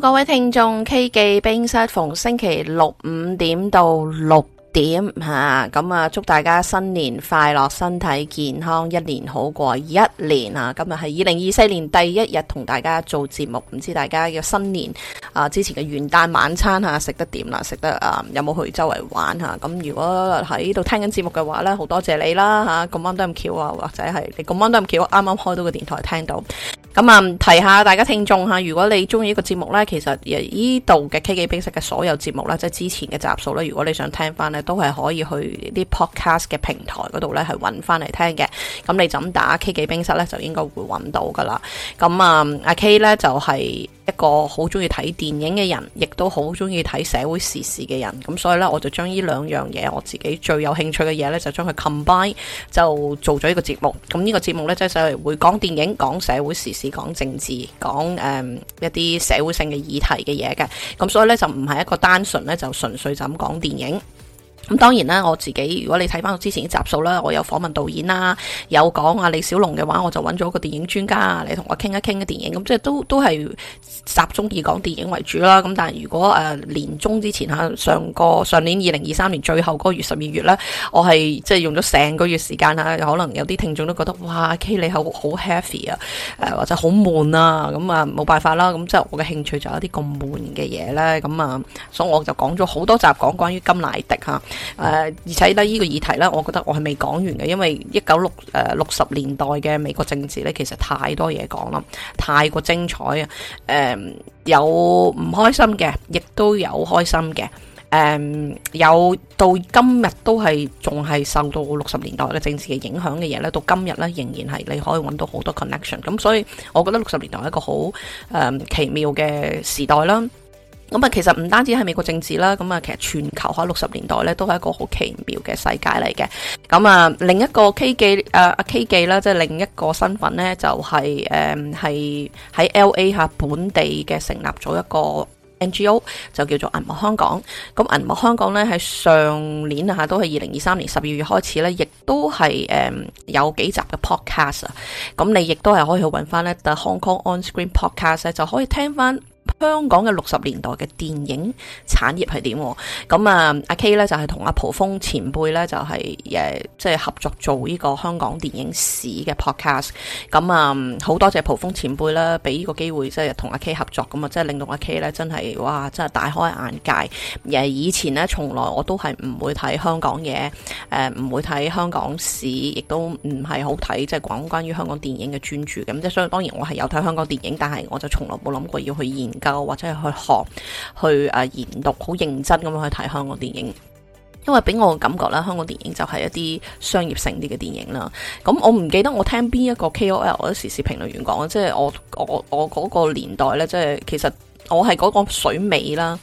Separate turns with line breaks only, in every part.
各位聽眾，K 記冰室逢星期六五點到六點吓，咁啊祝大家新年快樂，身體健康，一年好過一年啊！今日係二零二四年第一日同大家做節目，唔知大家嘅新年啊之前嘅元旦晚餐吓食、啊、得點啦？食得啊，有冇去周圍玩吓？咁、啊、如果喺度聽緊節目嘅話呢，好多謝你啦吓，咁啱都咁巧啊，或者係你咁啱都咁巧，啱啱開到個電台聽到。咁啊，提下大家聽眾吓，如果你中意呢個節目咧，其實誒呢度嘅 K 記冰室嘅所有節目咧，即係之前嘅集數咧，如果你想聽翻咧，都係可以去啲 podcast 嘅平台度咧，係揾翻嚟聽嘅。咁你就打 K 記冰室咧，就應該會揾到噶啦。咁啊阿 K 咧就係一個好中意睇電影嘅人，亦都好中意睇社會時事嘅人。咁所以咧，我就將呢兩樣嘢，我自己最有興趣嘅嘢咧，就將佢 combine，就做咗呢個節目。咁呢個節目咧，即係就係會講電影，講社會時事。講政治，講誒、嗯、一啲社會性嘅議題嘅嘢嘅，咁所以咧就唔係一個單純咧就純粹就咁講電影。咁當然啦，我自己如果你睇翻我之前嘅集數啦，我有訪問導演啦，有講啊李小龍嘅話，我就揾咗個電影專家嚟同我傾一傾嘅電影，咁即係都都係集中以講電影為主啦。咁但係如果誒、呃、年中之前上個上年二零二三年最後個月十二月呢，我係即係用咗成個月時間嚇，可能有啲聽眾都覺得哇 K 你好好 happy 啊，誒或者好悶啊，咁啊冇辦法啦，咁即係我嘅興趣就一啲咁悶嘅嘢呢。咁啊，所以我就講咗好多集講關於甘迺迪誒、呃，而且呢，呢、呢個議題呢，我覺得我係未講完嘅，因為一九六誒六十年代嘅美國政治呢，其實太多嘢講啦，太過精彩啊！誒、呃，有唔開心嘅，亦都有開心嘅，誒、呃，有到今日都係仲係受到六十年代嘅政治嘅影響嘅嘢呢，到今日呢，仍然係你可以揾到好多 connection，嗯。咁所以我覺得六十年代係一個好誒、呃、奇妙嘅時代啦。咁啊，其實唔單止係美國政治啦，咁啊，其實全球喺六十年代咧都係一個好奇妙嘅世界嚟嘅。咁啊，另一個 K 記誒阿 K 記啦，即係另一個身份咧，就係誒係喺 L A 下本地嘅成立咗一個 N G O，就叫做銀幕香港。咁銀幕香港咧喺上年啊都係二零二三年十二月開始咧，亦都係誒有幾集嘅 podcast 啊。咁你亦都係可以去揾翻咧 The Hong Kong On Screen Podcast 咧，就可以聽翻。香港嘅六十年代嘅電影產業係點？咁啊，阿 K 呢就係同阿蒲峰前輩呢，就係、是、誒，即係、就是、合作做呢個香港電影史嘅 podcast。咁啊，好、嗯、多謝蒲峰前輩啦，俾呢個機會即係同阿 K 合作，咁啊，即係令到阿 K 呢真係哇，真係大開眼界。誒，以前呢，從來我都係唔會睇香港嘢，誒、呃，唔會睇香港史，亦都唔係好睇，即係講關於香港電影嘅專注咁。即係所以，雖然當然我係有睇香港電影，但係我就從來冇諗過要去研究。或者去學去誒研讀，好認真咁樣去睇香港電影，因爲俾我感覺咧，香港電影就係一啲商業性啲嘅電影啦。咁我唔記得我聽邊一個 KOL 或者時事評論員講，即係我我我嗰個年代呢，即係其實我係嗰個水尾啦，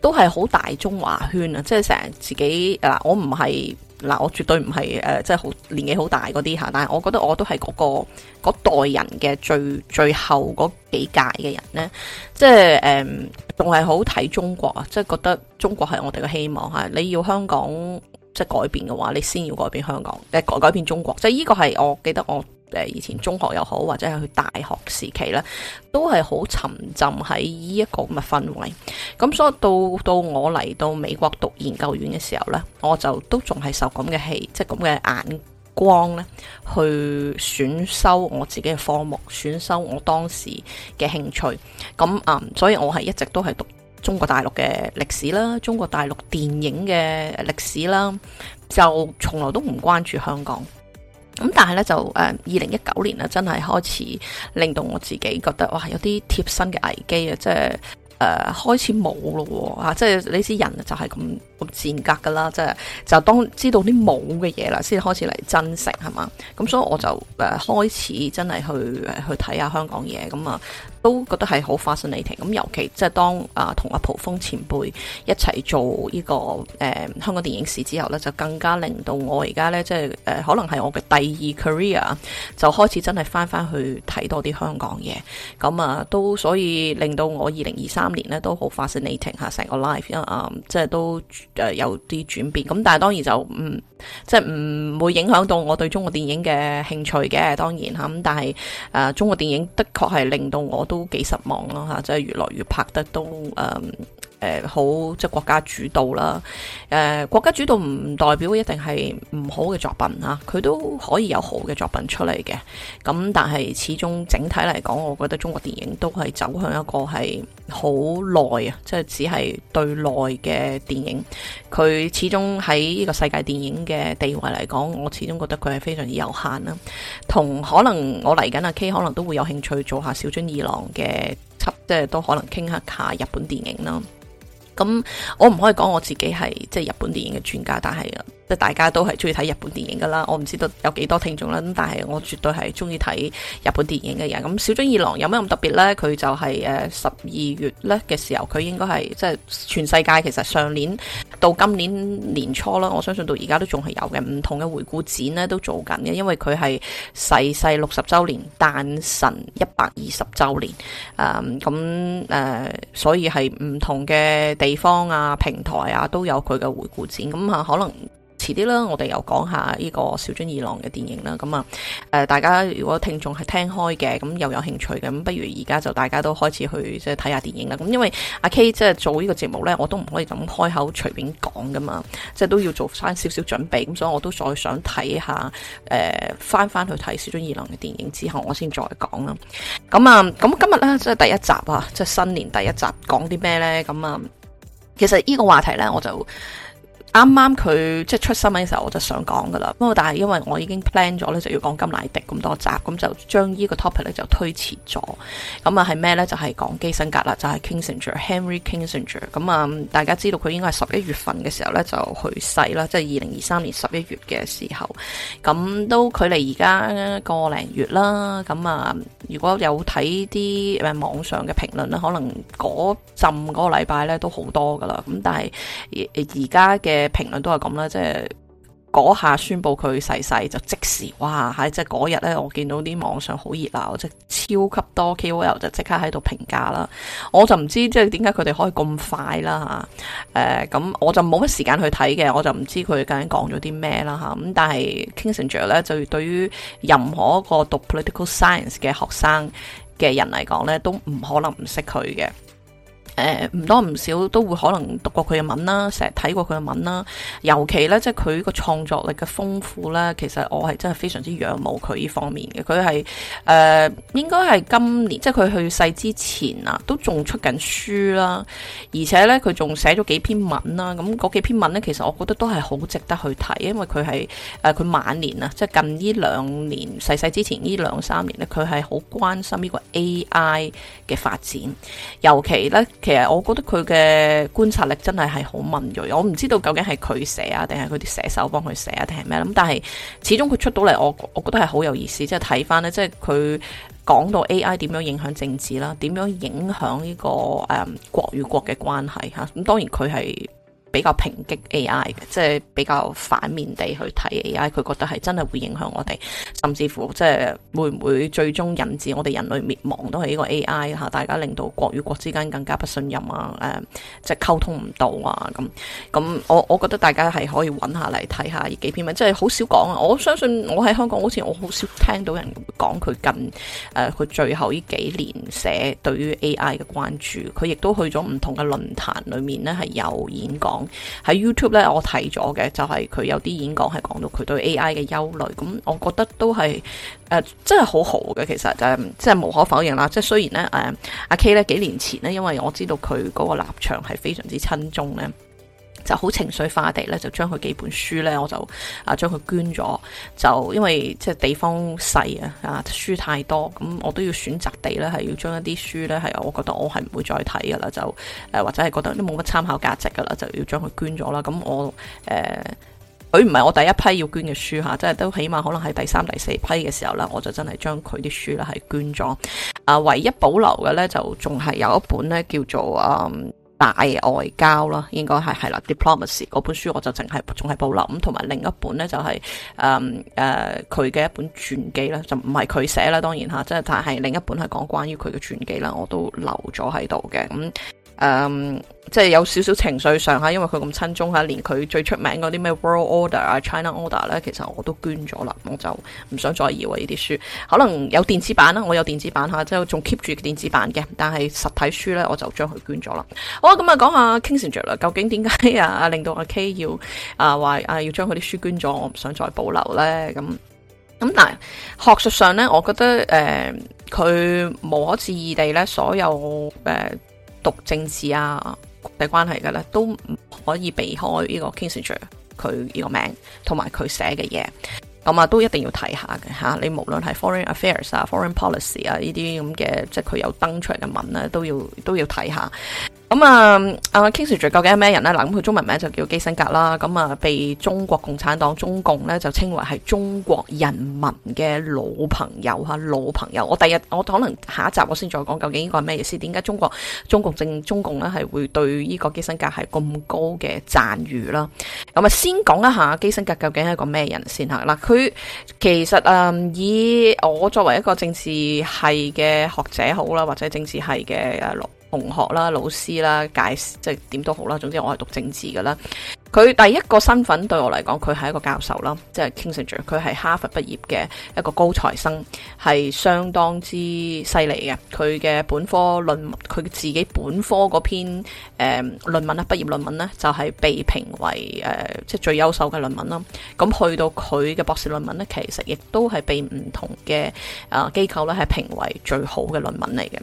都係好大中華圈啊，即係成日自己誒，我唔係。嗱，啊，我絕對唔係誒，即係好年紀好大嗰啲吓，但係我覺得我都係嗰、嗰個嗰代人嘅最最後嗰幾屆嘅人咧，即係誒，仲係好睇中國啊！即係覺得中國係我哋嘅希望吓，你要香港。即係改變嘅話，你先要改變香港，誒改改變中國。即係呢個係我記得我誒以前中學又好，或者係去大學時期咧，都係好沉浸喺呢一個咁嘅氛圍。咁所以到到我嚟到美國讀研究院嘅時候呢，我就都仲係受咁嘅氣，即係咁嘅眼光呢，去選修我自己嘅科目，選修我當時嘅興趣。咁啊，所以我係一直都係讀。中國大陸嘅歷史啦，中國大陸電影嘅歷史啦，就從來都唔關注香港。咁但係咧就誒，二零一九年啊，真係開始令到我自己覺得哇，有啲貼身嘅危機啊，即係誒、呃、開始冇咯喎，即係呢啲人就係咁咁賤格噶啦，即係就當知道啲冇嘅嘢啦，先開始嚟珍惜係嘛？咁所以我就誒、呃、開始真係去誒去睇下香港嘢咁啊～、嗯呃都覺得係好 fascinating 咁，尤其即係當啊同、呃、阿蒲峰前輩一齊做呢、這個誒、呃、香港電影史之後呢就更加令到我而家呢，即係誒、呃、可能係我嘅第二 career 就開始真係翻翻去睇多啲香港嘢咁、嗯、啊，都所以令到我二零二三年呢都好 fascinating 吓、啊、成個 life 啊，即係都誒、呃、有啲轉變。咁但係當然就嗯即係唔會影響到我對中國電影嘅興趣嘅，當然吓咁、啊。但係誒、呃、中國電影的確係令到我都都幾失望咯吓，即係越來越拍得都誒。嗯誒、呃、好即係國家主導啦，誒、呃、國家主導唔代表一定係唔好嘅作品，佢都可以有好嘅作品出嚟嘅。咁但係始終整體嚟講，我覺得中國電影都係走向一個係好內，啊，即係只係對內嘅電影。佢始終喺呢個世界電影嘅地位嚟講，我始終覺得佢係非常之有限啦。同可能我嚟緊阿 K 可能都會有興趣做下小樽二郎嘅輯，即係都可能傾下下日本電影啦。咁我唔可以講我自己係即係日本電影嘅專家，但係。即大家都係中意睇日本電影噶啦，我唔知道有幾多聽眾啦。咁但係我絕對係中意睇日本電影嘅人。咁小津二郎有咩咁特別呢？佢就係誒十二月呢嘅時候，佢應該係即係全世界其實上年到今年年初啦，我相信到而家都仲係有嘅。唔同嘅回顧展呢，都做緊嘅，因為佢係逝世六十週年誕辰一百二十週年。誒咁誒，所以係唔同嘅地方啊、平台啊都有佢嘅回顧展。咁啊、呃，可能。遲啲啦，我哋又講下呢個小樽二郎嘅電影啦。咁啊，誒、呃，大家如果聽眾係聽開嘅，咁又有興趣嘅，咁不如而家就大家都開始去即係睇下電影啦。咁因為阿 K 即係做呢個節目呢，我都唔可以咁開口隨便講噶嘛，即係都要做翻少少準備。咁所以我都再想睇下，誒、呃，翻翻去睇小樽二郎嘅電影之後，我先再講啦。咁啊，咁今日呢，即係第一集啊，即係新年第一集，講啲咩呢？咁啊，其實呢個話題呢，我就。啱啱佢即係出新聞嘅時候，我就想講噶啦。不過但係因為我已經 plan 咗咧，就要講金乃迪咁多集，咁就將呢個 topic 咧就推遲咗。咁啊，係咩呢？就係講基辛格啦，就係 Kissinger Henry Kissinger。咁啊，大家知道佢應該係十一月份嘅時候呢就去世啦，即係二零二三年十一月嘅時候。咁都距離而家個零月啦。咁啊。如果有睇啲誒網上嘅評論咧，可能嗰陣嗰個禮拜咧都好多噶啦，咁但係而家嘅評論都係咁啦，即係。嗰下宣布佢逝世就即時哇，喺即嗰日咧，我見到啲網上好熱鬧，即超級多 KOL 就即刻喺度評價啦。我就唔知即點解佢哋可以咁快啦嚇、呃咁我就冇乜時間去睇嘅，我就唔知佢究竟講咗啲咩啦嚇，咁但係 Kissinger 咧，就對於任何一個讀 political science 嘅學生嘅人嚟講咧，都唔可能唔識佢嘅。誒唔多唔少都會可能讀過佢嘅文啦，成日睇過佢嘅文啦，尤其呢，即係佢個創作力嘅豐富呢，其實我係真係非常之仰慕佢呢方面嘅。佢係誒應該係今年，即係佢去世之前啊，都仲出緊書啦，而且呢，佢仲寫咗幾篇文啦。咁嗰幾篇文呢，其實我覺得都係好值得去睇，因為佢係誒佢晚年啊，即係近呢兩年，逝世之前呢兩三年呢，佢係好關心呢個 AI 嘅發展，尤其呢。其實我覺得佢嘅觀察力真係係好敏鋭，我唔知道究竟係佢寫啊，定係佢啲寫手幫佢寫啊，定係咩，咁但係始終佢出到嚟，我我覺得係好有意思，即係睇翻呢，即係佢講到 A.I 點樣影響政治啦，點樣影響呢、呢個誒、嗯、國與國嘅關係嚇，咁、嗯、當然佢係。比較抨擊 AI 嘅，即係比較反面地去睇 AI，佢覺得係真係會影響我哋，甚至乎即係會唔會最終引致我哋人類滅亡都係呢個 AI 嚇，大家令到國與國之間更加不信任啊，誒，即係溝通唔到啊，咁，咁我我覺得大家係可以揾下嚟睇下幾篇文，即係好少講啊！我相信我喺香港好似我好少聽到人講佢近誒佢最後呢幾年寫對於 AI 嘅關注，佢亦都去咗唔同嘅論壇裏面呢係有演講。喺 YouTube 咧，我睇咗嘅就係、是、佢有啲演講係講到佢對 AI 嘅憂慮，咁我覺得都係誒、呃、真係好好嘅，其實就係即係無可否認啦。即係雖然咧，誒、啊、阿 K 咧幾年前咧，因為我知道佢嗰個立場係非常之親中咧。就好情緒化地咧，就將佢幾本書咧，我就啊將佢捐咗。就因為即係、就是、地方細啊，啊書太多，咁我都要選擇地咧，係要將一啲書咧係我覺得我係唔會再睇噶啦，就誒、呃、或者係覺得都冇乜參考價值噶啦，就要將佢捐咗啦。咁我誒佢唔係我第一批要捐嘅書吓，即、啊、係、就是、都起碼可能係第三、第四批嘅時候啦，我就真係將佢啲書咧係捐咗。啊，唯一保留嘅咧就仲係有一本咧叫做啊。嗯大外交啦，應該係係啦，Diplomacy 嗰本書我就淨係仲係保留咁，同埋另一本咧就係誒誒佢嘅一本傳記啦，就唔係佢寫啦，當然吓，即係但係另一本係講關於佢嘅傳記啦，我都留咗喺度嘅咁。誒、嗯，即係有少少情緒上吓，因為佢咁親中嚇，連佢最出名嗰啲咩 World Order 啊、China Order 咧，其實我都捐咗啦，我就唔想再要啊呢啲書。可能有電子版啦，我有電子版嚇，即係仲 keep 住電子版嘅，但係實體書咧，我就將佢捐咗啦。好就講啊，咁啊講下 Kissinger 究竟點解啊令到阿 K 要啊話啊要將佢啲書捐咗，我唔想再保留咧？咁咁，但係學術上咧，我覺得誒，佢、呃、無可置疑地咧，所有誒。呃讀政治啊國際關係嘅咧，都唔可以避開呢個 Kissinger 佢呢個名同埋佢寫嘅嘢，咁啊都一定要睇下嘅吓。你無論係 Foreign Affairs 啊、Foreign Policy 啊呢啲咁嘅，即係佢有登出嘅文咧，都要都要睇下。咁啊，Kissinger 究竟係咩人呢？嗱，咁佢中文名就叫基辛格啦。咁啊，被中國共產黨中共咧就稱為係中國人民嘅老朋友吓，老朋友。我第日我可能下一集我先再講，究竟呢個係咩意思？點解中國，中，國政中共政中共咧係會對呢個基辛格係咁高嘅讚譽啦？咁啊，先講一下基辛格究竟係一個咩人先吓。嗱，佢其實誒、嗯、以我作為一個政治系嘅學者好啦，或者政治系嘅同學啦、老師啦、解即係點都好啦，總之我係讀政治嘅啦。佢第一個身份對我嚟講，佢係一個教授啦，即係 Kissinger，佢係哈佛畢業嘅一個高材生，係相當之犀利嘅。佢嘅本科論文，佢自己本科嗰篇誒論文咧，畢業論文呢，就係被評為誒即係最優秀嘅論文啦。咁去到佢嘅博士論文呢，其實亦都係被唔同嘅啊機構咧，係評為最好嘅論文嚟嘅。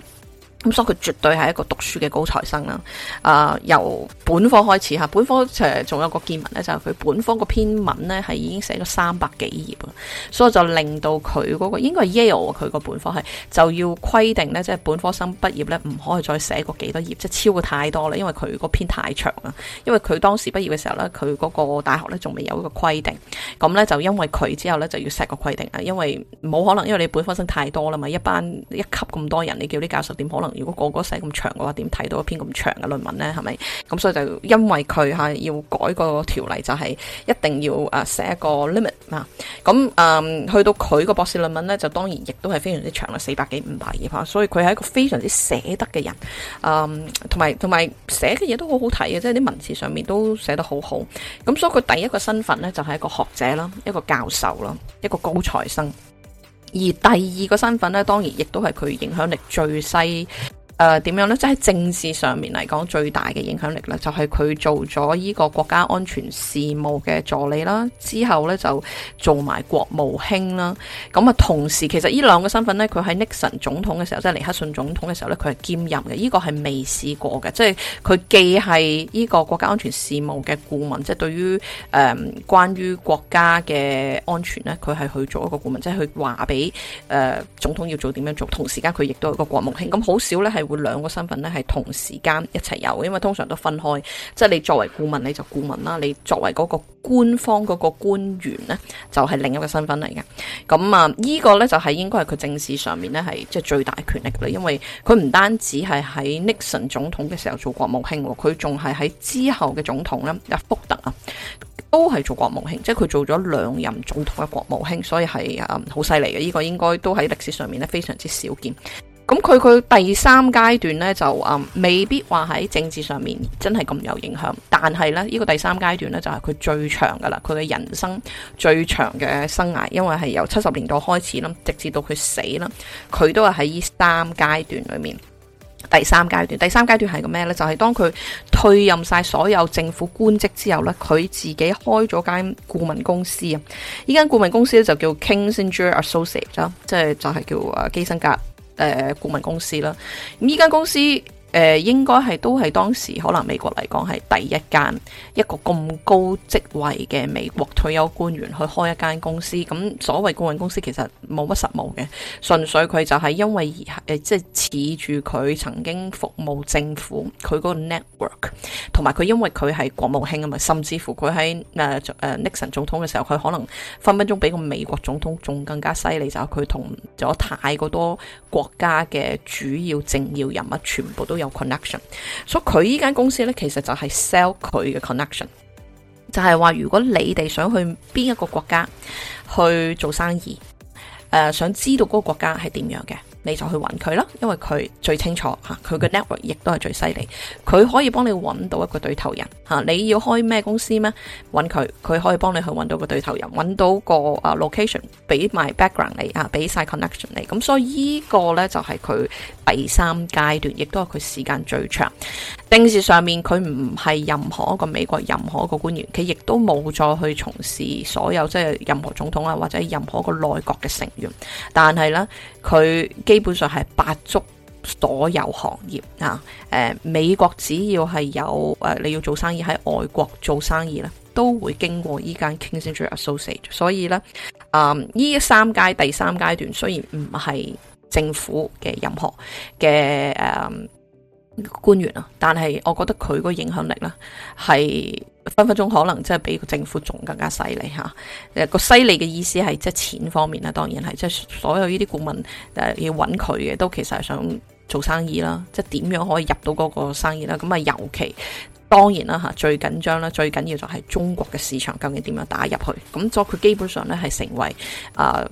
咁、嗯、所以佢絕對係一個讀書嘅高材生啦、呃。由本科開始本科誒仲有一個見聞咧，就係、是、佢本科個篇文咧係已經寫咗三百幾頁啊，所以就令到佢嗰、那個應該係 Yale 佢個本科系就要規定咧，即、就、係、是、本科生畢業咧唔可以再寫過幾多頁，即、就、係、是、超過太多啦，因為佢個篇太長啦。因為佢當時畢業嘅時候咧，佢嗰個大學咧仲未有一個規定，咁咧就因為佢之後咧就要 set 個規定啊，因為冇可能，因為你本科生太多啦嘛，一班一級咁多人，你叫啲教授點可能？如果個個寫咁長嘅話，點睇到一篇咁長嘅論文呢？係咪？咁所以就因為佢係要改個條例，就係、是、一定要誒寫一個 limit 啊。咁誒、嗯、去到佢個博士論文呢，就當然亦都係非常之長啦，四百幾五百頁嚇。所以佢係一個非常之寫得嘅人，誒同埋同埋寫嘅嘢都好好睇嘅，即係啲文字上面都寫得好好。咁所以佢第一個身份呢，就係、是、一個學者啦，一個教授啦，一個高材生。而第二個身份咧，當然亦都係佢影響力最細。誒，點、呃、樣呢？即係政治上面嚟講，最大嘅影響力呢，就係、是、佢做咗呢個國家安全事務嘅助理啦。之後呢，就做埋國務卿啦。咁啊，同時其實呢兩個身份呢，佢喺 Nixon 總統嘅時候，即係尼克遜總統嘅時候呢，佢係兼任嘅。呢、這個係未試過嘅，即係佢既係呢個國家安全事務嘅顧問，即係對於誒、呃、關於國家嘅安全呢，佢係去做一個顧問，即係佢話俾誒總統要做點樣做。同時間佢亦都係個國務卿，咁好少呢係。會兩個身份咧係同時間一齊有，因為通常都分開。即係你作為顧問，你就顧問啦，你作為嗰個官方嗰個官員呢，就係另一個身份嚟嘅。咁啊，呢個呢就係應該係佢政治上面呢係即係最大權力嘅，因為佢唔單止係喺 Nixon 總統嘅時候做國務卿，佢仲係喺之後嘅總統呢，阿福特啊都係做國務卿，即係佢做咗兩任總統嘅國務卿，所以係好犀利嘅。呢個應該都喺歷史上面呢非常之少見。咁佢佢第三階段咧，就嗯未必話喺政治上面真係咁有影響。但係咧呢、這個第三階段咧就係、是、佢最長噶啦，佢嘅人生最長嘅生涯，因為係由七十年代開始啦，直至到佢死啦，佢都係喺呢三階段裏面。第三階段，第三階段係個咩咧？就係、是、當佢退任晒所有政府官職之後咧，佢自己開咗間顧問公司啊。呢間顧問公司咧就叫 Kissinger Associates 啦，即係就係叫啊基辛格。誒，顧問公司啦，呢間公司。誒，應該係都係當時可能美國嚟講係第一間，一個咁高職位嘅美國退休官員去開一間公司。咁所謂顧問公司其實冇乜實務嘅，純粹佢就係因為誒，即係恃住佢曾經服務政府佢個 network，同埋佢因為佢係國務卿啊嘛，甚至乎佢喺，呃呃、Nixon 總統嘅時候，佢可能分分鐘比個美國總統仲更加犀利，就係佢同咗太過多國家嘅主要政要人物全部都有。有 connection，所以佢依間公司咧，其實就係 sell 佢嘅 connection，就係話如果你哋想去邊一個國家去做生意，誒、呃，想知道嗰個國家係點樣嘅。你就去揾佢啦，因為佢最清楚吓，佢嘅 network 亦都係最犀利，佢可以幫你揾到一個對頭人吓，你要開咩公司咩？揾佢，佢可以幫你去揾到個對頭人，揾到個啊 location，俾埋 background 你啊，俾晒 connection 你。咁所以呢個咧就係佢第三階段，亦都係佢時間最長，政治上面佢唔係任何一個美國任何一個官員，佢亦都冇再去從事所有即係任何總統啊或者任何一個內閣嘅成員，但係咧，佢基本上係八足所有行業啊，誒、呃，美國只要係有誒、呃、你要做生意喺外國做生意咧，都會經過呢間 Kissinger Associates，所以呢，誒、嗯、呢三階第三階段雖然唔係政府嘅任何嘅誒。嗯官員啊，但係我覺得佢個影響力呢，係分分鐘可能真係比個政府仲更加犀利吓。誒，個犀利嘅意思係即係錢方面啦，當然係即係所有呢啲顧問誒要揾佢嘅都其實係想做生意啦，即係點樣可以入到嗰個生意啦。咁啊，尤其當然啦吓，最緊張啦，最緊要就係中國嘅市場究竟點樣打入去。咁所以佢基本上呢，係成為誒、呃、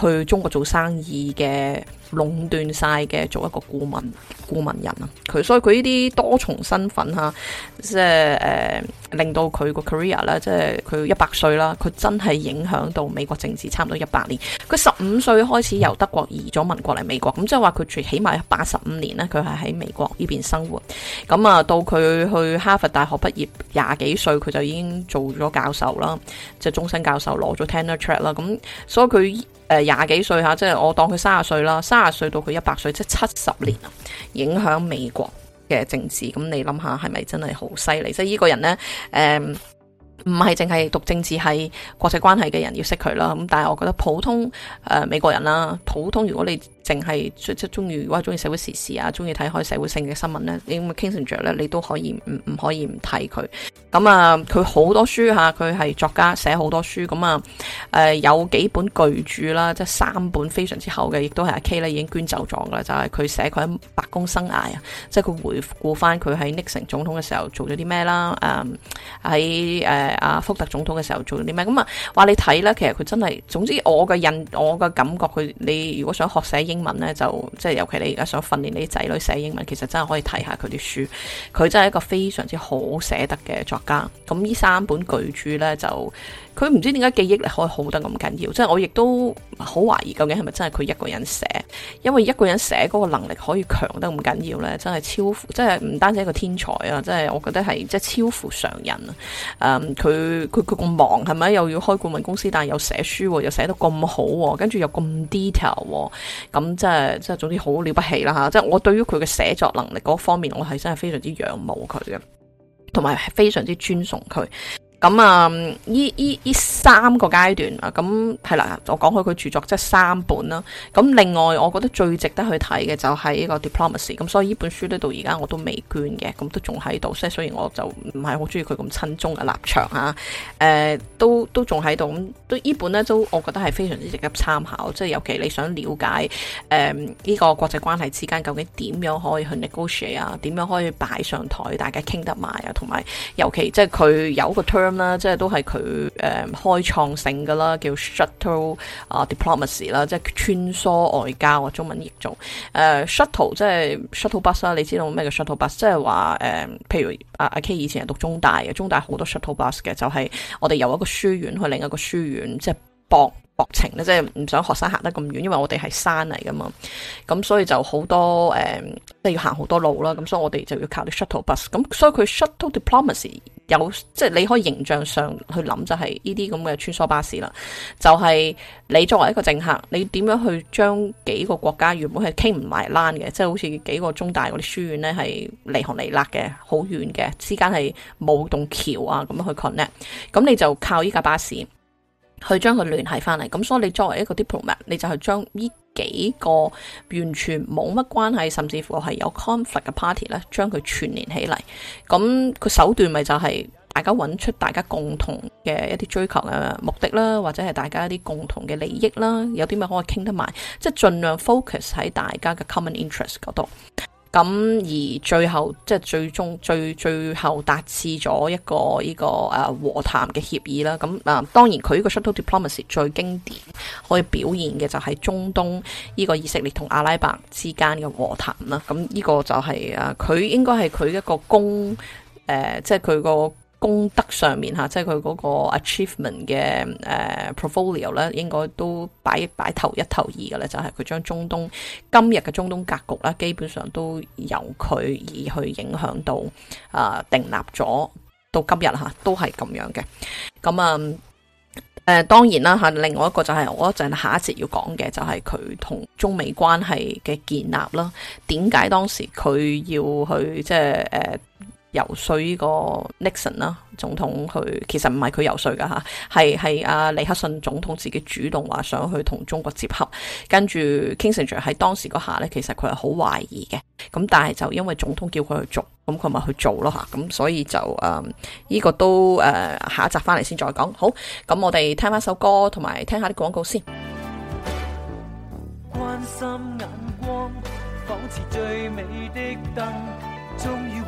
去中國做生意嘅。壟斷晒嘅做一個顧問顧問人啊，佢所以佢呢啲多重身份啊，即係、呃、令到佢個 career 啦，即係佢一百歲啦，佢真係影響到美國政治差唔多一百年。佢十五歲開始由德國移咗民過嚟美國，咁即係話佢最起碼八十五年呢。佢係喺美國呢邊生活。咁啊，到佢去哈佛大學畢業，廿幾歲，佢就已經做咗教授啦，即係終身教授攞咗 tenure track 啦。咁所以佢。誒，廿幾歲吓，即係我當佢三十歲啦，三十歲到佢一百歲，即係七十年啊，影響美國嘅政治。咁你諗下，係咪真係好犀利？即係呢個人呢，誒、嗯，唔係淨係讀政治系國際關係嘅人要識佢啦。咁但係我覺得普通誒、呃、美國人啦，普通如果你。定係即即中意，如果係中意社會時事啊，中意睇開社會性嘅新聞咧，你咁傾順咧，你都可以唔唔可以唔睇佢。咁啊，佢好多書嚇、啊，佢係作家寫好多書。咁啊，誒、呃、有幾本巨著啦，即係三本非常之厚嘅，亦都係阿 K 咧已經捐走咗啦。就係、是、佢寫佢喺白宮生涯啊，即係佢回顧翻佢喺尼克森總統嘅時候做咗啲咩啦，誒喺誒阿福特總統嘅時候做咗啲咩。咁啊，話你睇啦，其實佢真係。總之我嘅印，我嘅感覺，佢你如果想學寫英。英文咧就即係，尤其你而家想訓練啲仔女寫英文，其實真係可以睇下佢啲書。佢真係一個非常之好寫得嘅作家。咁呢三本巨著呢，就佢唔知點解記憶力可以好得咁緊要。即係我亦都好懷疑究竟係咪真係佢一個人寫？因為一個人寫嗰個能力可以強得咁緊要呢，真係超乎，即係唔單止一個天才啊！即係我覺得係即係超乎常人啊！誒佢佢佢咁忙係咪？又要開顧問公司，但係又寫書，又寫得咁好，跟住又咁 detail 咁。即係即係，總之好了不起啦吓！即係我對於佢嘅寫作能力嗰方面，我係真係非常之仰慕佢嘅，同埋係非常之尊崇佢。咁啊，呢呢、呢、三個階段啊，咁係啦，我講佢，佢著作即係三本啦。咁另外，我覺得最值得去睇嘅就係呢個 Diplomacy。咁所以呢本書呢，到而家我都未捐嘅，咁都仲喺度。即係所以我就唔係好中意佢咁親中嘅立場啊。呃、都都仲喺度。咁對呢本呢，都，我覺得係非常之值得參考。即係尤其你想了解誒呢、呃這個國際關係之間究竟點樣可以去 negotiate 啊？點樣可以擺上台大家傾得埋啊？同埋尤其即係佢有個 term。即係都係佢、嗯、開創性嘅啦，叫 shuttle 啊、uh, diplomacy 啦，即係穿梭外交啊。中文譯做、uh, shuttle，即係 shuttle bus 啦。你知道咩叫 shuttle bus？即係話、嗯、譬如阿阿、啊、K 以前係讀中大嘅，中大好多 shuttle bus 嘅，就係、是、我哋由一個書院去另一個書院，即係博。薄情咧，即係唔想學生行得咁遠，因為我哋係山嚟噶嘛，咁所以就好多誒、呃，即係要行好多路啦，咁所以我哋就要靠啲 shuttle bus，咁所以佢 shuttle diplomacy 有，即係你可以形象上去諗，就係呢啲咁嘅穿梭巴士啦，就係你作為一個政客，你點樣去將幾個國家原本係傾唔埋欄嘅，即係好似幾個中大嗰啲書院呢，係離行離辣嘅，好遠嘅，之間係冇棟橋啊咁樣去 connect，咁你就靠依架巴士。去將佢聯繫翻嚟，咁所以你作為一個 diplomat，你就係將呢幾個完全冇乜關係，甚至乎係有 conflict 嘅 party 咧，將佢串聯起嚟。咁佢手段咪就係大家揾出大家共同嘅一啲追求嘅目的啦，或者係大家一啲共同嘅利益啦，有啲咩可以傾得埋，即係盡量 focus 喺大家嘅 common interest 嗰度。咁而最後即係最終最最後達致咗一個呢、這個誒和談嘅協議啦。咁啊當然佢呢個 s t t l e diplomacy 最經典可以表現嘅就係中東呢、這個以色列同阿拉伯之間嘅和談啦。咁呢個就係啊佢應該係佢一個公誒，即係佢個。就是功德上面吓，即係佢嗰個 achievement 嘅誒、uh, portfolio 咧，應該都擺擺頭一頭二嘅咧，就係佢將中東今日嘅中東格局咧，基本上都由佢而去影響到啊，訂立咗到今日吓、啊，都係咁樣嘅。咁啊，誒、啊，當然啦吓、啊，另外一個就係、是、我一陣下一節要講嘅，就係佢同中美關係嘅建立啦。點解當時佢要去即係誒？啊遊說呢個 Nixon 啦，總統去，其實唔係佢遊說噶吓，係係阿尼克遜總統自己主動話想去同中國接合，跟住 Kissinger 喺當時嗰下呢，其實佢係好懷疑嘅，咁但係就因為總統叫佢去做，咁佢咪去做咯吓，咁所以就誒呢、嗯這個都誒、嗯、下一集翻嚟先再講，好，咁我哋聽翻首歌，同埋聽下啲廣告先。
關心眼光，仿似最美的燈終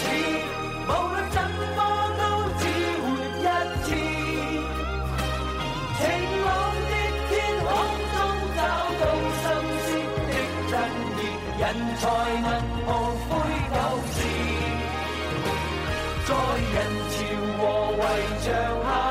人才能無悔鬥志，在人潮和圍牆下。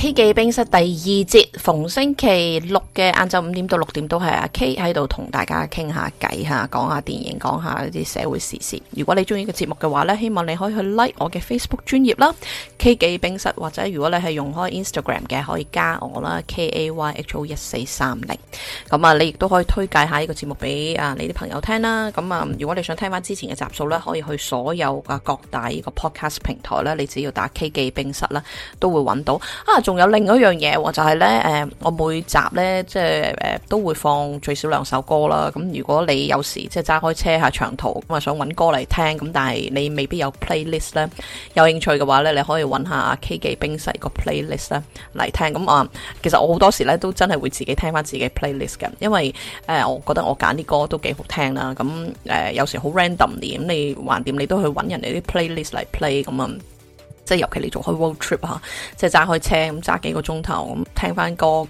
K 記冰室第二節，逢星期六嘅晏晝五點到六點都係阿 K 喺度同大家傾下偈，吓，講下電影，講下呢啲社會時事。如果你中意呢個節目嘅話，希望你可以去 like 我嘅 Facebook 專頁啦，K 記冰室，或者如果你係用開 Instagram 嘅，可以加我啦，K A Y H O 一四三零。咁啊，你亦都可以推介一下呢個節目俾啊你啲朋友聽啦。咁啊，如果你想聽翻之前嘅集數呢，可以去所有啊各大呢個 podcast 平台咧，你只要打 K 記冰室啦，都會揾到啊。仲有另外一樣嘢喎，就係、是、呢。誒、呃，我每集呢，即係誒、呃，都會放最少兩首歌啦。咁如果你有時即係揸開車下長途咁啊，想揾歌嚟聽咁，但係你未必有 playlist 呢，有興趣嘅話呢，你可以揾下 K 記冰室個 playlist 呢嚟聽。咁、嗯、啊，其實我好多時呢都真係會自己聽翻自己 playlist 嘅，因為誒、呃，我覺得我揀啲歌都幾好聽啦。咁、嗯、誒、呃，有時好 random 嘅，咁你橫掂你都去揾人哋啲 playlist 嚟 play 咁啊。即係尤其你做開 road trip 啊，即係揸開車咁揸幾個鐘頭咁聽翻歌咁，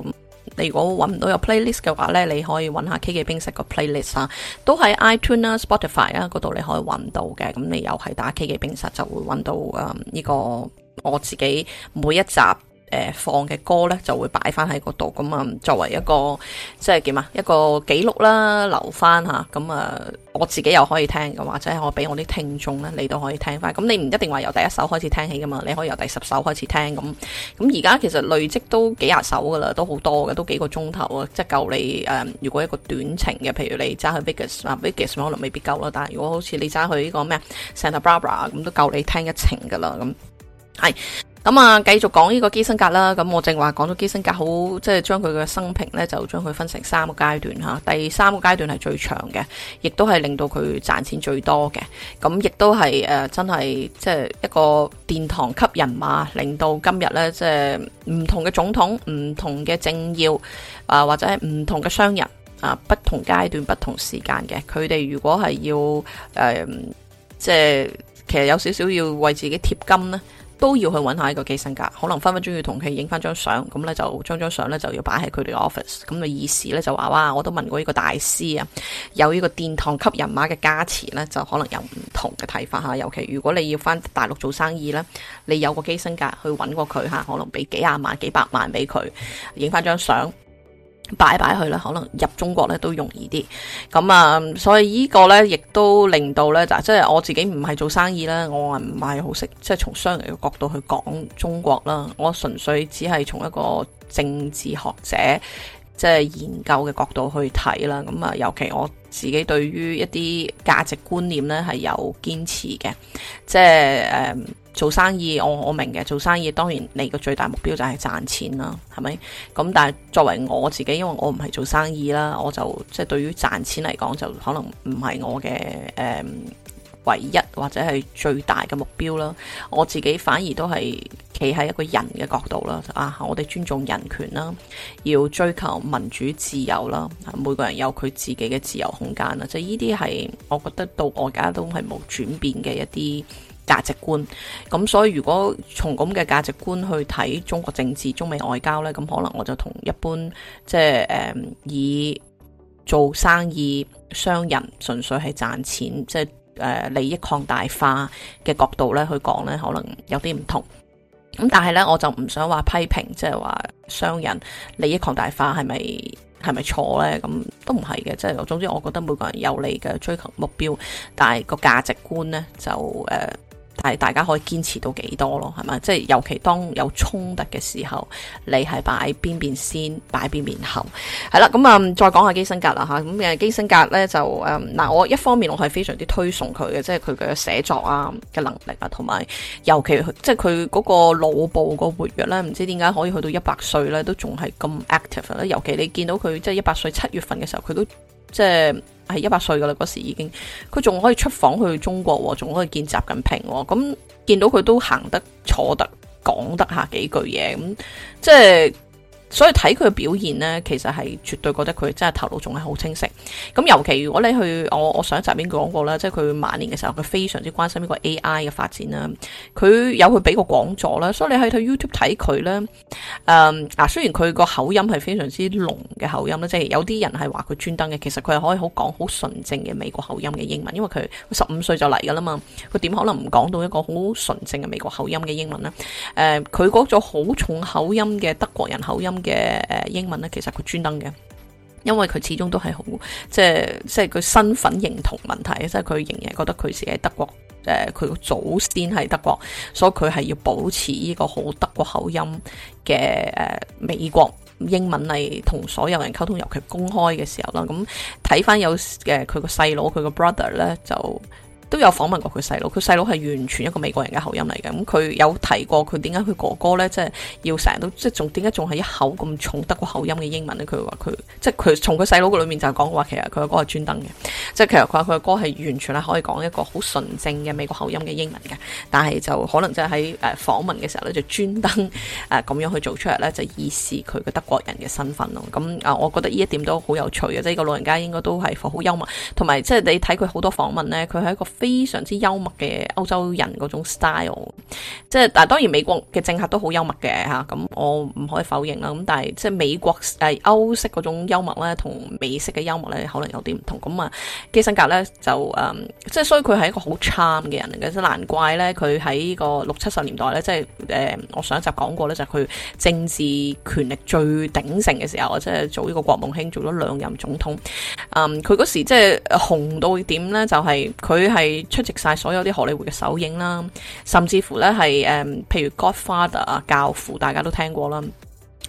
你如果揾唔到有 playlist 嘅話呢，你可以揾下 K 記冰室個 playlist 啊，都喺 iTunes、Spotify 啊嗰度你可以揾到嘅，咁你又係打 K 記冰室就會揾到誒呢、嗯呢個我自己每一集。誒放嘅歌咧就會擺翻喺嗰度咁啊，作為一個即係點啊一個記錄啦，留翻下。咁啊，我自己又可以聽嘅，或者係我俾我啲聽眾咧，你都可以聽翻。咁你唔一定話由第一首開始聽起噶嘛，你可以由第十首開始聽咁。咁而家其實累積都幾廿首噶啦，都好多嘅，都幾個鐘頭啊，即係夠你誒、呃。如果一個短程嘅，譬如你揸去 Begus 啊，Begus 可能未必夠啦。但係如果好似你揸去呢個咩 Santa Barbara 咁都夠你聽一程噶啦咁。係咁啊！嗯、繼續講呢個基辛格啦，咁我正話講咗基辛格好，即係將佢嘅生平呢，就將佢分成三個階段吓。第三個階段係最長嘅，亦都係令到佢賺錢最多嘅。咁亦都係誒、呃，真係即係一個殿堂級人馬，令到今日呢，即係唔同嘅總統、唔同嘅政要啊、呃，或者係唔同嘅商人啊、呃，不同階段、不同時間嘅，佢哋如果係要誒、呃，即係其實有少少要為自己貼金呢都要去揾下呢個基辛格，可能分分鐘要同佢影翻張相，咁呢就將張相呢就要擺喺佢哋嘅 office，咁嘅意思呢就話：哇，我都問過呢個大師啊，有呢個殿堂級人馬嘅加持呢，就可能有唔同嘅睇法嚇。尤其如果你要翻大陸做生意呢，你有個基辛格去揾過佢嚇，可能俾幾廿萬、幾百萬俾佢，影翻張相。擺一擺去啦，可能入中國咧都容易啲。咁啊，所以呢個呢亦都令到呢，就即係我自己唔係做生意啦，我唔係好識即係從商業嘅角度去講中國啦。我純粹只係從一個政治學者即係研究嘅角度去睇啦。咁啊，尤其我自己對於一啲價值觀念呢係有堅持嘅，即係誒。嗯做生意，我我明嘅。做生意當然你個最大目標就係賺錢啦，係咪？咁但係作為我自己，因為我唔係做生意啦，我就即係、就是、對於賺錢嚟講，就可能唔係我嘅、誒、呃、唯一或者係最大嘅目標啦。我自己反而都係企喺一個人嘅角度啦。啊，我哋尊重人權啦，要追求民主自由啦，每個人有佢自己嘅自由空間啦。即係呢啲係我覺得到我而家都係冇轉變嘅一啲。價值觀，咁所以如果從咁嘅價值觀去睇中國政治、中美外交呢，咁可能我就同一般即係誒以做生意商人純粹係賺錢，即係誒利益擴大化嘅角度咧去講呢，可能有啲唔同。咁但係呢，我就唔想話批評，即係話商人利益擴大化係咪係咪錯呢？咁都唔係嘅，即係總之我覺得每個人有你嘅追求目標，但係個價值觀呢就誒。呃但係大家可以堅持到幾多咯，係咪？即係尤其當有衝突嘅時候，你係擺邊邊先，擺邊邊後，係啦。咁、嗯、啊，再講下基辛格啦吓。咁誒，基辛格呢，就誒嗱、嗯，我一方面我係非常之推崇佢嘅，即係佢嘅寫作啊嘅能力啊，同埋尤其即係佢嗰個腦部個活躍呢，唔知點解可以去到一百歲呢，都仲係咁 active。尤其你見到佢即係一百歲七月份嘅時候，佢都即係。係一百歲噶啦，嗰時已經，佢仲可以出訪去中國，仲可以見習近平，咁見到佢都行得、坐得、講得下幾句嘢，咁即係。所以睇佢嘅表現呢，其實係絕對覺得佢真係頭腦仲係好清晰。咁尤其如果你去我我上一集邊講過啦，即係佢晚年嘅時候，佢非常之關心呢個 AI 嘅發展啦。佢有佢俾個講座啦，所以你去睇 YouTube 睇佢呢。嗯嗱、啊，雖然佢個口音係非常之濃嘅口音啦，即係有啲人係話佢專登嘅，其實佢係可以好講好純正嘅美國口音嘅英文，因為佢十五歲就嚟噶啦嘛，佢點可能唔講到一個好純正嘅美國口音嘅英文呢？佢嗰種好重口音嘅德國人口音。嘅誒英文咧，其實佢專登嘅，因為佢始終都係好即係即係佢身份認同問題，即係佢仍然覺得佢自己係德國，誒、呃、佢祖先係德國，所以佢係要保持呢個好德國口音嘅誒、呃、美國英文嚟同所有人溝通，尤其公開嘅時候啦。咁睇翻有嘅佢個細佬，佢個 brother 咧就。都有訪問過佢細佬，佢細佬係完全一個美國人嘅口音嚟嘅。咁佢有提過佢點解佢哥哥呢？即係要成日都即係仲點解仲係一口咁重德國口音嘅英文呢？佢話佢即係佢從佢細佬嘅裏面就係講話，其實佢阿哥係專登嘅。即係其實佢話佢阿哥係完全係可以講一個好純正嘅美國口音嘅英文嘅，但係就可能即係喺誒訪問嘅時候呢，就專登誒咁樣去做出嚟呢，就以示佢嘅德國人嘅身份咯。咁啊，我覺得呢一點都好有趣嘅，即係個老人家應該都係好幽默，同埋即係你睇佢好多訪問呢，佢係一個。非常之幽默嘅歐洲人嗰種 style，即係但係當然美國嘅政客都好幽默嘅吓，咁我唔可以否認啦。咁但係即係美國誒、呃、歐式嗰種幽默咧，同美式嘅幽默咧，可能有啲唔同。咁啊，基辛格咧就誒即係所以佢係一個好 charm 嘅人嚟嘅，即係難怪咧佢喺呢個六七十年代咧，即係誒我上一集講過咧，就佢、是、政治權力最鼎盛嘅時候，即、就、係、是、做呢個國務卿，做咗兩任總統嗯，佢嗰時即係、就是、紅到點咧，就係佢係。出席晒所有啲荷里活嘅首映啦，甚至乎咧係誒，譬如 Godfather 啊，教父大家都聽過啦。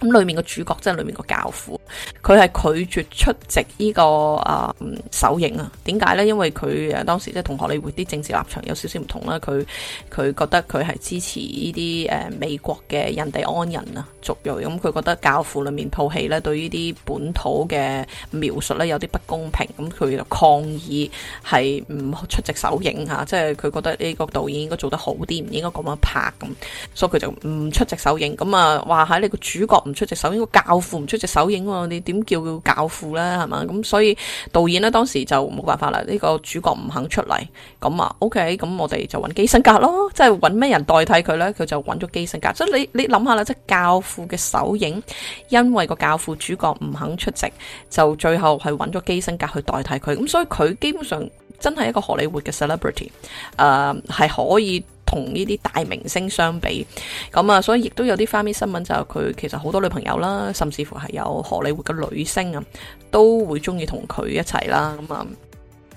咁裏面個主角即係裏面個教父，佢係拒絕出席呢、這個啊首映啊。點解呢？因為佢誒當時即係同荷里活啲政治立場有少少唔同啦。佢佢覺得佢係支持呢啲誒美國嘅印第安人啊族裔，咁佢覺得教父裏面套戲呢，對於啲本土嘅描述呢，有啲不公平，咁佢就抗議係唔出席首映嚇，即係佢覺得呢個導演應該做得好啲，唔應該咁樣拍咁，所以佢就唔出席首映。咁啊話喺你個主角。唔出席首映個教父唔出席首映，首映啊、你點叫教父呢？係嘛咁，所以導演呢，當時就冇辦法啦。呢、呢個主角唔肯出嚟咁啊。OK，咁我哋就揾基辛格咯，即係揾咩人代替佢呢？佢就揾咗基辛格。所以你你諗下啦，即係教父嘅首映，因為個教父主角唔肯出席，就最後係揾咗基辛格去代替佢。咁所以佢基本上真係一個荷里活嘅 celebrity，誒、呃、係可以。同呢啲大明星相比，咁啊，所以亦都有啲花邊新聞就係佢其實好多女朋友啦，甚至乎係有荷里活嘅女星啊，都會中意同佢一齊啦，咁啊，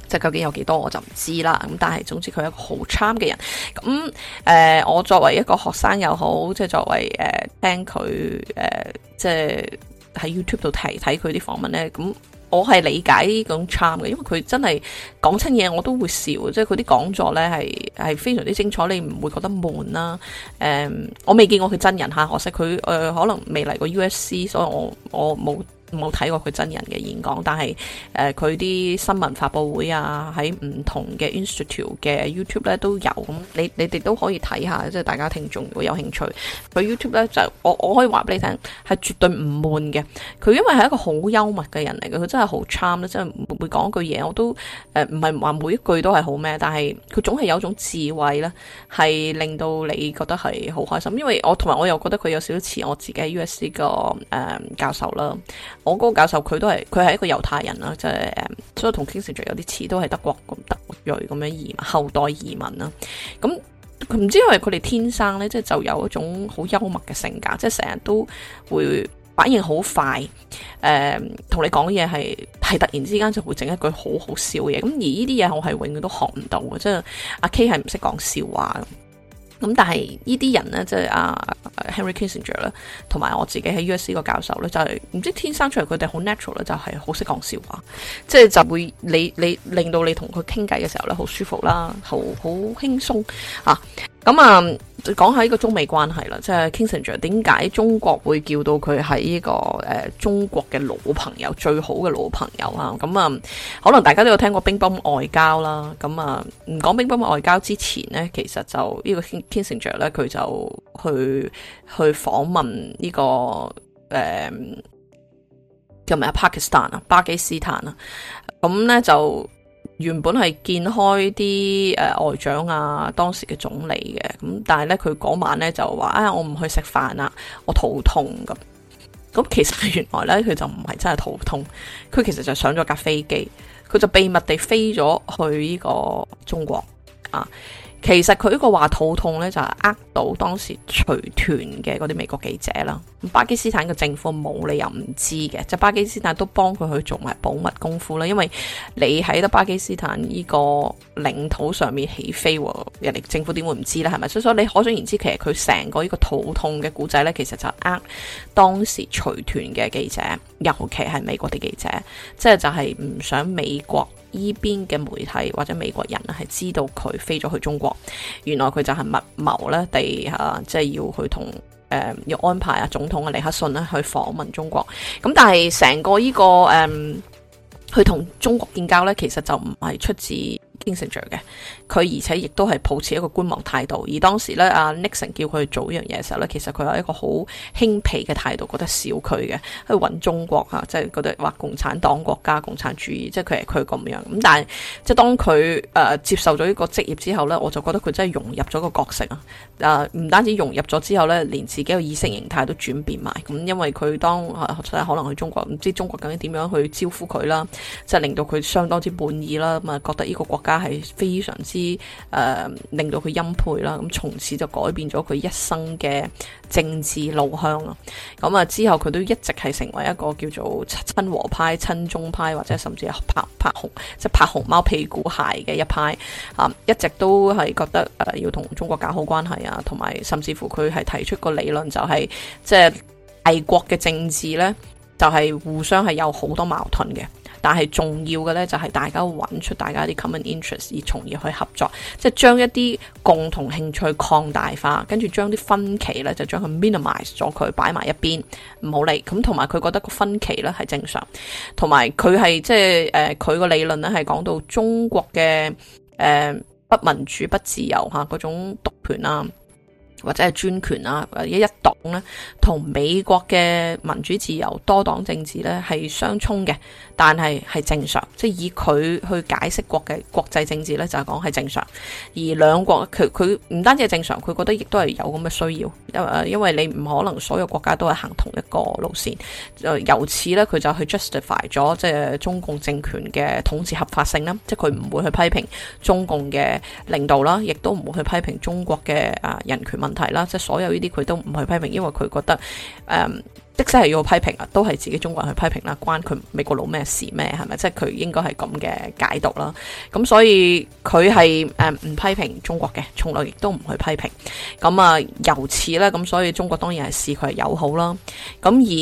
即係究竟有幾多我就唔知啦。咁但係總之佢係一個好 charm 嘅人。咁誒、呃，我作為一個學生又好，即係作為誒、呃、聽佢、呃、即係喺 YouTube 度睇睇佢啲訪問咧，咁。我係理解呢種 charm 嘅，因為佢真係講親嘢，我都會笑。即係佢啲講座呢，係係非常之清楚，你唔會覺得悶啦。誒、嗯，我未見過佢真人嚇，可惜佢誒、呃，可能未嚟過 USC，所以我我冇。冇睇過佢真人嘅演講，但係誒佢啲新聞發佈會啊，喺唔同嘅 institute 嘅 YouTube 咧都有，咁你你哋都可以睇下，即係大家聽眾如果有興趣，佢 YouTube 咧就是，我我可以話俾你聽，係絕對唔悶嘅。佢因為係一個好幽默嘅人嚟嘅，佢真係好 charm 咧，真係會講一句嘢，我都誒唔係話每一句都係好咩，但係佢總係有一種智慧咧，係令到你覺得係好開心。因為我同埋我又覺得佢有少少似我自己 USC 個誒、呃、教授啦。我嗰個教授佢都係佢係一個猶太人啦，即、就、係、是嗯、所以同 Kissinger 有啲似，都係德國咁德裔咁樣移民，後代移民啦。咁佢唔知因為佢哋天生咧，即係就是、有一種好幽默嘅性格，即係成日都會反應好快。誒、嗯，同你講嘢係係突然之間就會整一句好好笑嘅嘢。咁而呢啲嘢我係永遠都學唔到嘅，即係阿 K 係唔識講笑話。咁、嗯、但係呢啲人咧，即係啊 Henry Kissinger 啦，同埋我自己喺 USC 個教授咧，就係、是、唔知天生出嚟，佢哋好 natural 咧，就係好識講笑話，即係就會你你令到你同佢傾偈嘅時候咧，好舒服啦，好好輕鬆啊！咁啊，講下呢個中美關係啦，即、就、係、是、Kissinger 點解中國會叫到佢係呢個誒、呃、中國嘅老朋友、最好嘅老朋友啊？咁啊，可能大家都有聽過乒乓外交啦。咁啊，唔講乒乓外交之前呢，其實就、這個、呢個 Kissinger 咧，佢就去去訪問呢、這個誒、呃，叫咩啊？Pakistan 啊，巴基斯坦啊，咁咧就。原本係見開啲外長啊，當時嘅總理嘅咁，但係呢，佢嗰晚呢就話：啊、呃，我唔去食飯啦，我肚痛咁。咁其實原來呢，佢就唔係真係肚痛，佢其實就上咗架飛機，佢就秘密地飛咗去呢個中國啊。其實佢呢個話肚痛呢，就係呃到當時隨團嘅嗰啲美國記者啦。巴基斯坦嘅政府冇理由唔知嘅，即係、巴基斯坦都幫佢去做埋保密功夫啦。因為你喺得巴基斯坦呢個領土上面起飛，人哋政府點會唔知呢？係咪？所以你可想而知，其實佢成個呢個肚痛嘅故仔呢，其實就呃當時隨團嘅記者，尤其係美國啲記者，即係就係、係、唔想美國。呢邊嘅媒體或者美國人啊，係知道佢飛咗去中國，原來佢就係密謀咧，地下即係要去同、呃、要安排啊總統啊尼克遜咧去訪問中國。咁但係成個呢、呢個去同、呃、中國建交呢，其實就唔係出自，應承着嘅，佢而且亦都係抱持一個觀望態度。而當時咧，阿 Nixon 叫佢去做呢樣嘢嘅時候咧，其實佢係一個好輕皮嘅態度，覺得少佢嘅去搵中國吓，即係覺得話共產黨國家、共產主義，即係佢係佢咁樣。咁但係即係當佢誒、呃、接受咗呢個職業之後咧，我就覺得佢真係融入咗個角色啊！誒、呃，唔單止融入咗之後咧，連自己嘅意識形態都轉變埋。咁因為佢當可能去中國，唔知中國究竟點樣去招呼佢啦，即係令到佢相當之滿意啦。咁啊，覺得呢個國家。係非常之誒、呃，令到佢欽佩啦。咁從此就改變咗佢一生嘅政治路向啦。咁啊之後，佢都一直係成為一個叫做親和派、親中派，或者甚至係拍拍熊，即係拍熊貓屁股鞋嘅一派啊、嗯。一直都係覺得誒、呃，要同中國搞好關係啊。同埋甚至乎佢係提出個理論、就是，就係即係大國嘅政治呢，就係、是、互相係有好多矛盾嘅。但係重要嘅呢，就係大家揾出大家一啲 common interest，以從而去合作，即係將一啲共同興趣擴大化，跟住將啲分歧呢，就將佢 minimize 咗佢擺埋一邊，唔好理。咁同埋佢覺得個分歧呢係正常，同埋佢係即係誒，佢個理論呢係講到中國嘅誒、呃、不民主、不自由嗰種獨權啊，或者係專權啊，或者一黨咧，同美國嘅民主自由、多黨政治咧係相衝嘅。但係係正常，即係以佢去解釋國嘅國際政治咧，就係講係正常。而兩國佢佢唔單止係正常，佢覺得亦都係有咁嘅需要。因為因為你唔可能所有國家都係行同一個路線，就由此咧，佢就去 justify 咗即係中共政權嘅統治合法性啦。即係佢唔會去批評中共嘅領導啦，亦都唔會去批評中國嘅啊人權問題。題啦，即係所有呢啲佢都唔去批評，因為佢覺得誒。嗯的即係要批評啊，都係自己中國人去批評啦，關佢美國佬咩事咩？係咪即係佢應該係咁嘅解讀啦？咁所以佢係誒唔批評中國嘅，從來亦都唔去批評。咁啊，由此咧，咁所以中國當然係視佢係友好啦。咁而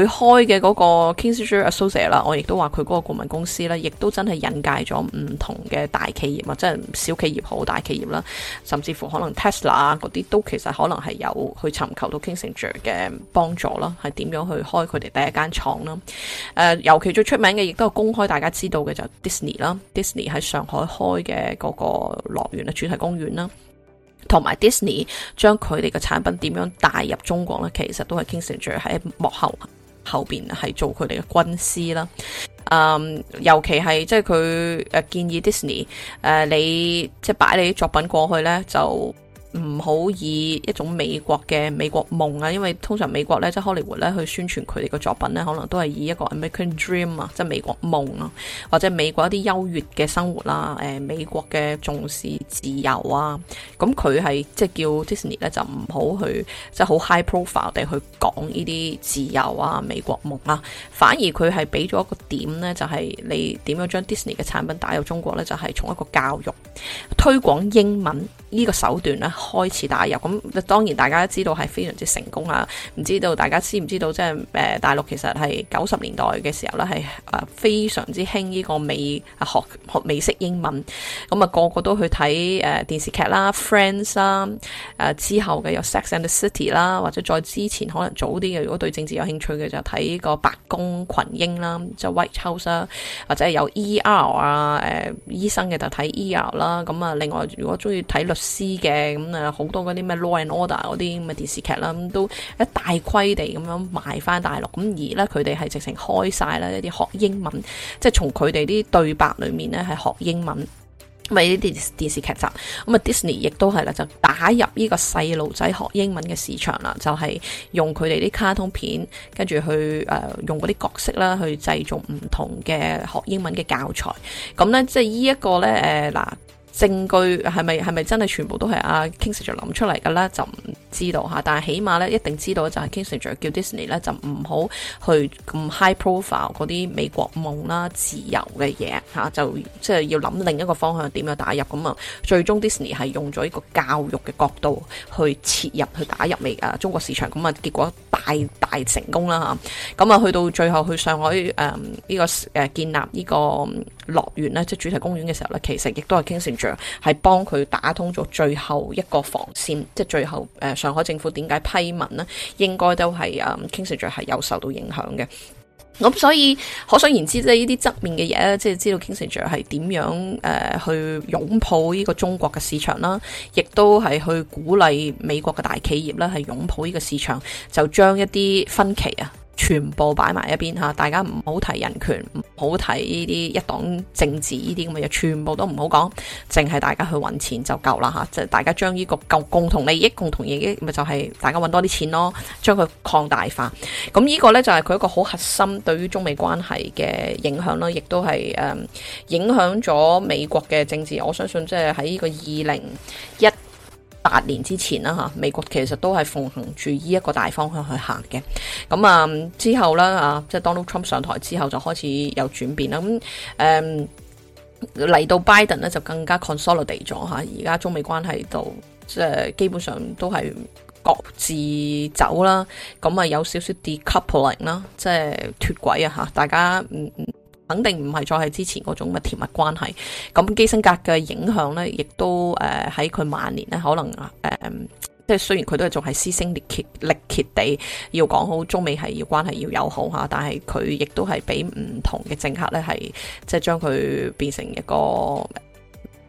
佢開嘅嗰個 Kissinger Associates 啦，我亦都話佢嗰個顧問公司咧，亦都真係引介咗唔同嘅大企業啊，即係小企業好大企業啦，甚至乎可能 Tesla 啊嗰啲都其實可能係有去尋求到 Kissinger 嘅幫助啦。點樣去開佢哋第一間廠啦？誒、呃，尤其最出名嘅，亦都係公開大家知道嘅就是、Disney 啦，Disney 喺上海開嘅嗰個樂園啦，主題公園啦，同埋 Disney 將佢哋嘅產品點樣帶入中國呢？其實都係 Kissinger 喺幕後後邊係做佢哋嘅軍師啦。誒、呃，尤其係即係佢誒建議 Disney 誒、呃，你即係擺你啲作品過去呢，就。唔好以一種美國嘅美國夢啊，因為通常美國咧，即係荷里活咧去宣傳佢哋嘅作品咧，可能都係以一個 American Dream 啊，即係美國夢啊，或者美國一啲優越嘅生活啦，誒美國嘅重視自由啊，咁佢係即係叫 Disney 咧，就唔好去即係好 high profile 地去講呢啲自由啊，美國夢啊，反而佢係俾咗一個點咧，就係你點樣將 Disney 嘅產品打入中國咧，就係從一個教育推廣英文呢個手段咧。開始打入咁，當然大家知道係非常之成功啊！唔知道大家知唔知道，即係大陸其實係九十年代嘅時候咧，係非常之興呢個美學,學美式英文，咁啊個個都去睇誒電視劇啦，Friends 啦，之後嘅有 Sex and the City 啦，或者再之前可能早啲嘅，如果對政治有興趣嘅就睇個白宮群英啦，就是《White House 啦，或者有 ER 啊誒醫生嘅就睇 ER 啦，咁啊另外如果中意睇律師嘅咁。好多嗰啲咩 Law and Order 嗰啲咁嘅電視劇啦，咁都一大規地咁樣賣翻大陸，咁而咧佢哋係直情開晒啦一啲學英文，即係從佢哋啲對白裏面咧係學英文，咪呢啲電視劇集，咁啊 Disney 亦都係啦，就打入呢個細路仔學英文嘅市場啦，就係、是、用佢哋啲卡通片，跟住去誒、呃、用嗰啲角色啦去製造唔同嘅學英文嘅教材，咁咧即係呢一個咧誒嗱。呃證據係咪係咪真係全部都係阿、啊、Kissinger 諗出嚟嘅咧？就唔知道，但係起碼咧一定知道就係 Kissinger 叫 Disney 咧就唔好去咁 high profile 嗰啲美國夢啦、自由嘅嘢、啊、就即係、就係、要諗另一個方向點樣打入咁啊、嗯！最終 Disney 係用咗一個教育嘅角度去切入去打入美啊中國市場，咁、嗯、啊結果大大成功啦咁啊去到最後去上海誒呢、嗯這個、呃、建立呢、這個。樂園咧，即係主題公園嘅時候咧，其實亦都係基辛格係幫佢打通咗最後一個防線，即係最後、呃、上海政府點解批文咧，應該都係、嗯、基辛格係有受到影響嘅。咁所以可想而知，即係呢啲側面嘅嘢咧，即係知道基辛格係點樣、呃、去擁抱呢個中國嘅市場啦，亦都係去鼓勵美國嘅大企業咧係擁抱呢個市場，就將一啲分歧啊。全部擺埋一邊嚇，大家唔好提人權，唔好提呢啲一黨政治呢啲咁嘅嘢，全部都唔好講，淨係大家去揾錢就夠啦嚇。即係大家將呢個共共同利益、共同利益咪就係、是、大家揾多啲錢咯，將佢擴大化。咁呢個呢，就係佢一個好核心對於中美關係嘅影響啦，亦都係誒、嗯、影響咗美國嘅政治。我相信即係喺呢個二零一八年之前啦，吓，美國其實都係奉行住依一個大方向去行嘅。咁啊，之後啦，啊，即係 Donald Trump 上台之後，就開始有轉變啦。咁誒嚟到 Biden 呢，就更加 consolidate 咗嚇。而家中美關係度即係基本上都係各自走啦。咁啊，有少少 decoupling 啦，即係脫軌啊，嚇大家。嗯肯定唔係再係之前嗰種乜甜蜜關係，咁基辛格嘅影響呢，亦都誒喺佢晚年呢，可能誒、呃，即係雖然佢都係仲係撕聲裂竭力竭地要講好中美係要關係要友好吓，但係佢亦都係俾唔同嘅政客呢，係即係將佢變成一個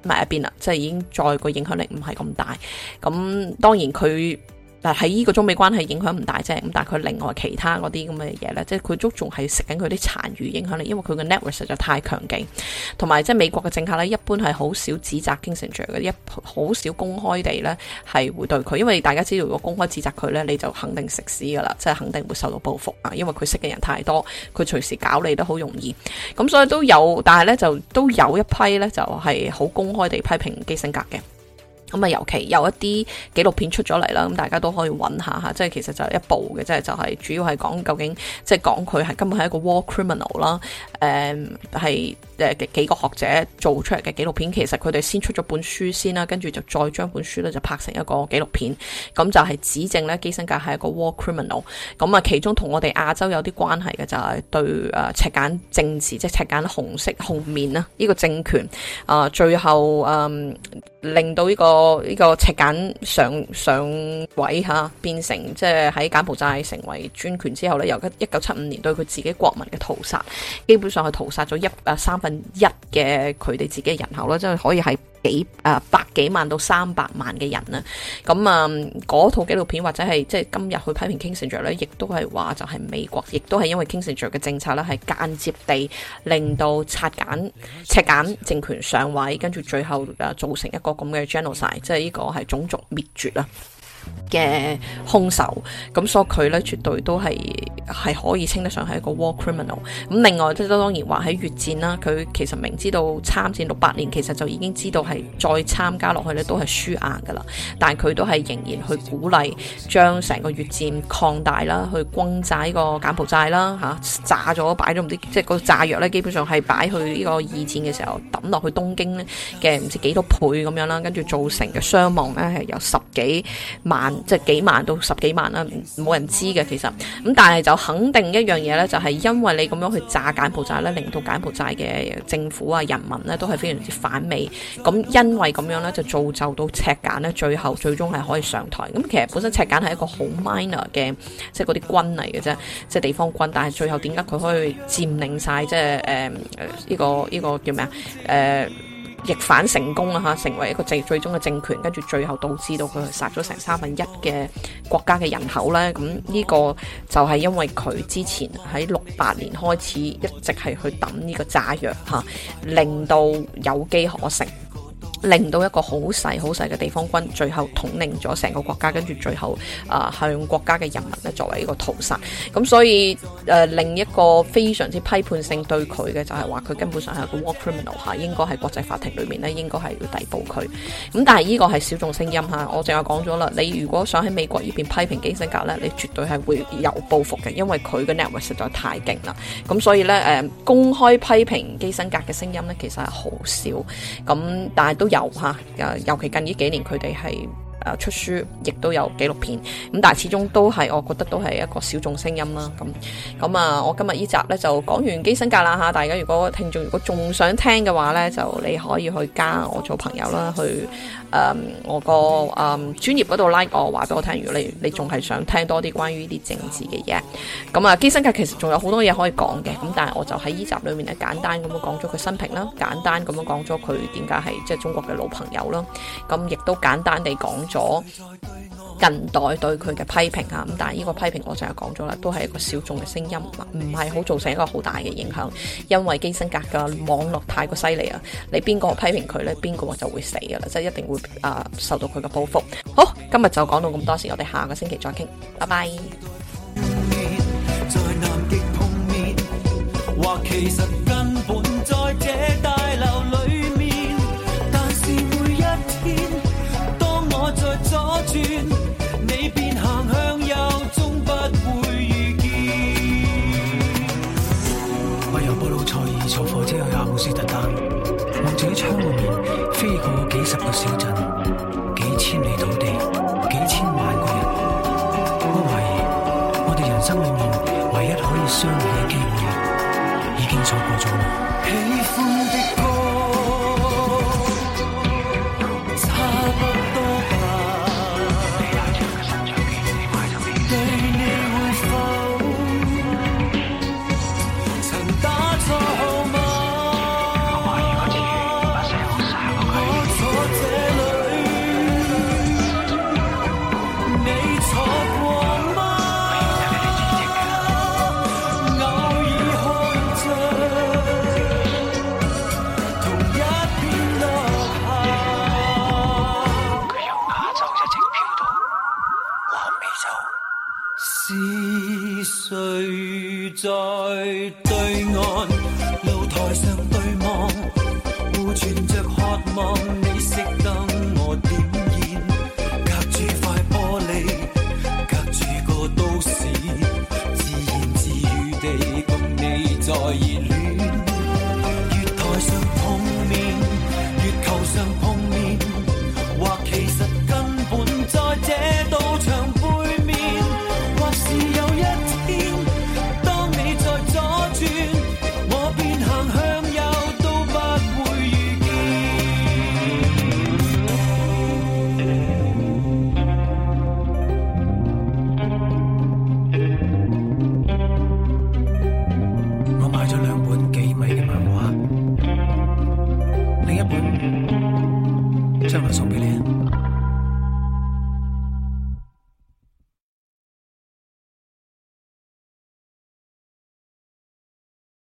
埋一邊啦，即係已經再個影響力唔係咁大，咁當然佢喺呢個中美關係影響唔大啫，咁但係佢另外其他嗰啲咁嘅嘢呢，即係佢都仲係食緊佢啲殘餘影響力，因為佢嘅 network 實在太強勁，同埋即係美國嘅政客呢，一般係好少指責基辛格嘅，一好少公開地呢係會對佢，因為大家知道，如果公開指責佢呢，你就肯定食屎噶啦，即係肯定會受到報復啊，因為佢識嘅人太多，佢隨時搞你都好容易，咁所以都有，但係呢就都有一批呢，就係好公開地批評基辛格嘅。咁啊，尤其有一啲紀錄片出咗嚟啦，咁大家都可以揾下嚇，即係其實就一部嘅，即係就係、是、主要係講究竟，即係講佢係根本係一個 war criminal 啦、嗯，誒，係幾個個學者做出嚟嘅紀錄片，其實佢哋先出咗本書先啦，跟住就再將本書咧就拍成一個紀錄片，咁就係、是、指證咧基辛格係一個 war criminal。咁啊，其中同我哋亞洲有啲關係嘅就係、是、對誒、呃、赤柬政治，即係赤柬紅色紅面啦，呢、這個政權啊、呃，最後誒、呃、令到呢、這個。呢、這個、這個、赤柬上上位吓，變成即係喺柬埔寨成為專權之後咧，由一九七五年對佢自己國民嘅屠殺，基本上係屠殺咗一誒三分一嘅佢哋自己嘅人口啦，即係可以係。幾誒、呃、百幾萬到三百萬嘅人啊，咁啊嗰套紀錄片或者係即係今日去批評 Kissinger 咧，亦都係話就係美國，亦都係因為 Kissinger 嘅政策咧，係間接地令到拆簡、赤柬政權上位，跟住最後誒造成一個咁嘅 genocide，即係呢個係種族滅絕啦。嘅凶手，咁所以佢咧絕對都係係可以稱得上係一個 war criminal。咁另外即係當然話喺越戰啦，佢其實明知道參戰六八年，其實就已經知道係再參加落去咧都係輸硬噶啦。但係佢都係仍然去鼓勵將成個越戰擴大啦，去轟炸呢個柬埔寨啦吓、啊、炸咗擺咗唔知即係個炸藥咧，基本上係擺去呢個二戰嘅時候抌落去東京咧嘅唔知幾多倍咁樣啦，跟住造成嘅傷亡咧係有十幾萬。即係幾萬到十幾萬啦，冇人知嘅其實，咁但係就肯定一樣嘢呢，就係因為你咁樣去炸柬埔寨咧，令到柬埔寨嘅政府啊、人民呢都係非常之反美，咁因為咁樣呢，就造就到赤柬呢，最後最終係可以上台。咁其實本身赤柬係一個好 minor 嘅，即係嗰啲軍嚟嘅啫，即係地方軍，但係最後點解佢可以佔領晒即係誒呢個呢個叫咩啊？誒、呃。逆反成功啊！吓，成為一個最最終嘅政權，跟住最後導致到佢殺咗成三分一嘅國家嘅人口咧。咁呢個就係因為佢之前喺六八年開始一直係去抌呢個炸藥吓，令到有機可乘。令到一個好細好細嘅地方軍最後統領咗成個國家，跟住最後啊、呃、向國家嘅人民咧作為一個屠殺，咁所以誒、呃、另一個非常之批判性對佢嘅就係話佢根本上係個 war criminal 嚇，應該係國際法庭裏面咧應該係要逮捕佢。咁、嗯、但係呢個係小眾聲音嚇，我淨係講咗啦。你如果想喺美國呢邊批評基辛格咧，你絕對係會有報復嘅，因為佢嘅 network 實在太勁啦。咁所以咧誒、呃、公開批評基辛格嘅聲音咧其實係好少，咁但係都。有嚇，尤其近依幾年，佢哋係。出書亦都有紀錄片咁，但係始終都係我覺得都係一個小眾聲音啦。咁咁啊，我今日依集呢就講完基辛格啦嚇。大家如果聽眾如果仲想聽嘅話呢，就你可以去加我做朋友啦，去誒、嗯、我個誒專、嗯、業嗰度拉我話俾我聽。如果你你仲係想聽多啲關於呢啲政治嘅嘢，咁啊，基辛格其實仲有好多嘢可以講嘅。咁但係我就喺依集裡面呢簡單咁樣講咗佢生平啦，簡單咁樣講咗佢點解係即係中國嘅老朋友啦。咁亦都簡單地講咗咗近代對佢嘅批評啊，咁但係呢個批評我就係講咗啦，都係一個小眾嘅聲音，唔係好造成一個好大嘅影響，因為基辛格嘅網絡太過犀利啊！你邊個批評佢呢，邊個就會死噶啦，即係一定會啊、呃、受到佢嘅報復。好，今日就講到咁多先，我哋下個星期再傾，拜拜。
斯特丹，望着喺窗外面飛過幾十個小鎮，幾千里途